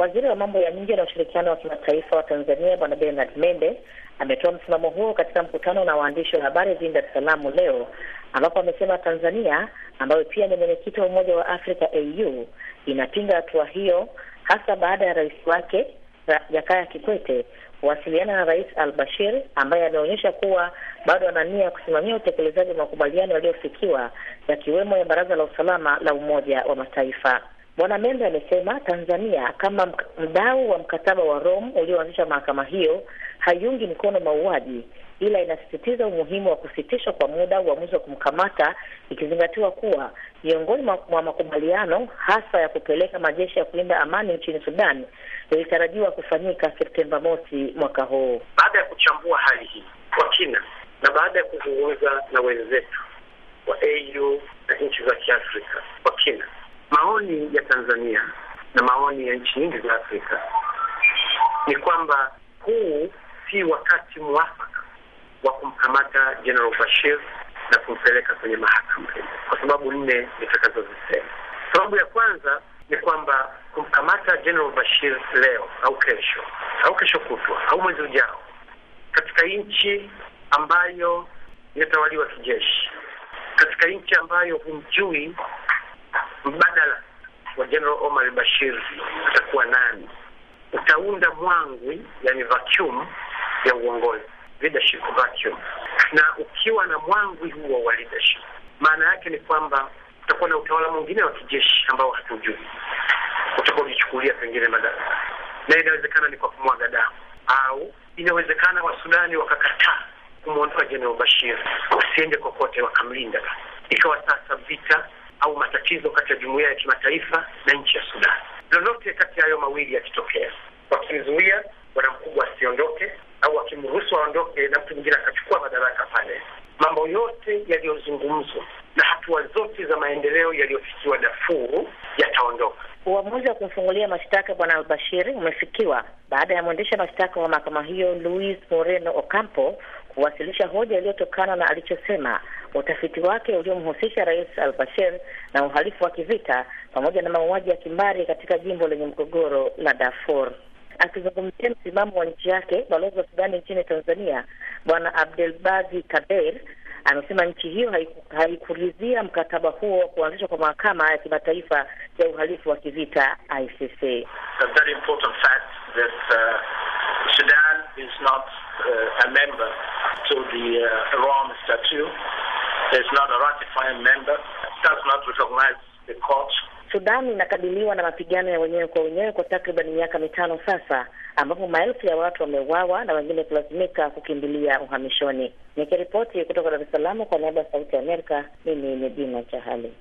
Waziri wa mambo ya nje na ushirikiano wa kimataifa wa Tanzania Bwana Bernard mende ametoa msimamo huo katika mkutano na waandishi wa habari jijini Dar es Salaam leo, ambapo amesema Tanzania ambayo pia ni mwenyekiti wa Umoja wa Afrika AU inapinga hatua hiyo, hasa baada ya rais wake Jakaya Kikwete kuwasiliana na Rais Al Bashir ambaye ameonyesha kuwa bado ana nia ya kusimamia utekelezaji wa makubaliano yaliyofikiwa yakiwemo ya Baraza la Usalama la Umoja wa Mataifa. Bwana Membe amesema Tanzania kama mdau wa mkataba wa Rome ulioanzisha mahakama hiyo haiungi mkono mauaji, ila inasisitiza umuhimu wa kusitishwa kwa muda uamuzi wa kumkamata, ikizingatiwa kuwa miongoni mwa makubaliano hasa ya kupeleka majeshi ya kulinda amani nchini Sudan yalitarajiwa kufanyika Septemba mosi mwaka huu. Baada ya kuchambua hali hii kwa kina na baada ya kuzungumza na wenzetu wa AU na nchi za Kiafrika kwa kina Maoni ya Tanzania na maoni ya nchi nyingi za Afrika ni kwamba huu si wakati mwafaka wa kumkamata General Bashir na kumpeleka kwenye mahakama kwa sababu nne nitakazozisema. Sababu ya kwanza ni kwamba kumkamata General Bashir leo au kesho au kesho kutwa au mwezi ujao katika nchi ambayo inatawaliwa kijeshi, katika nchi ambayo humjui wa General Omar Bashir utakuwa nani? Utaunda mwangwi, yani vacuum ya uongozi, leadership vacuum. Na ukiwa na mwangwi huo wa leadership, maana yake ni kwamba utakuwa na utawala mwingine wa kijeshi ambao hatujui ujichukulia pengine madaraka, na inawezekana ni kwa kumwaga damu, au inawezekana Wasudani wakakataa kumwondoa General Bashir, wasiende kokote, wakamlinda ikawa sasa vita au matatizo kati ya jumuiya ya kimataifa na nchi ya Sudan. Lolote kati ya hayo mawili yakitokea, wakimzuia bwana mkubwa asiondoke au wakimruhusu aondoke na mtu mwingine akachukua madaraka pale, mambo yote yaliyozungumzwa na hatua zote za maendeleo yaliyofikiwa Darfur yataondoka. Uamuzi wa kumfungulia mashtaka bwana Albashiri umefikiwa baada ya mwendesha mashtaka wa mahakama hiyo Luis Moreno Ocampo kuwasilisha hoja iliyotokana na alichosema utafiti wake uliomhusisha Rais al-Bashir na uhalifu wa kivita pamoja na mauaji ya kimbari katika jimbo lenye mgogoro la Darfur. Akizungumzia msimamo wa nchi yake, balozi wa Sudani nchini Tanzania Bwana Abdelbadi Kabeir amesema nchi hiyo haikuridhia mkataba huo wa kuanzishwa kwa mahakama ya kimataifa ya uhalifu wa kivita ICC. Uh, Sudan is not uh, a member to the uh, Rome Statute. It's not a ratifying member, does not recognize the court. Sudan inakabiliwa na mapigano ya wenyewe kwa wenyewe kwa takriban miaka mitano sasa, ambapo maelfu ya watu wameuawa na wengine kulazimika kukimbilia uhamishoni. Nikiripoti kutoka Dar es Salaam kwa niaba ya Sauti ya Amerika, mimi ni Dina Chahali.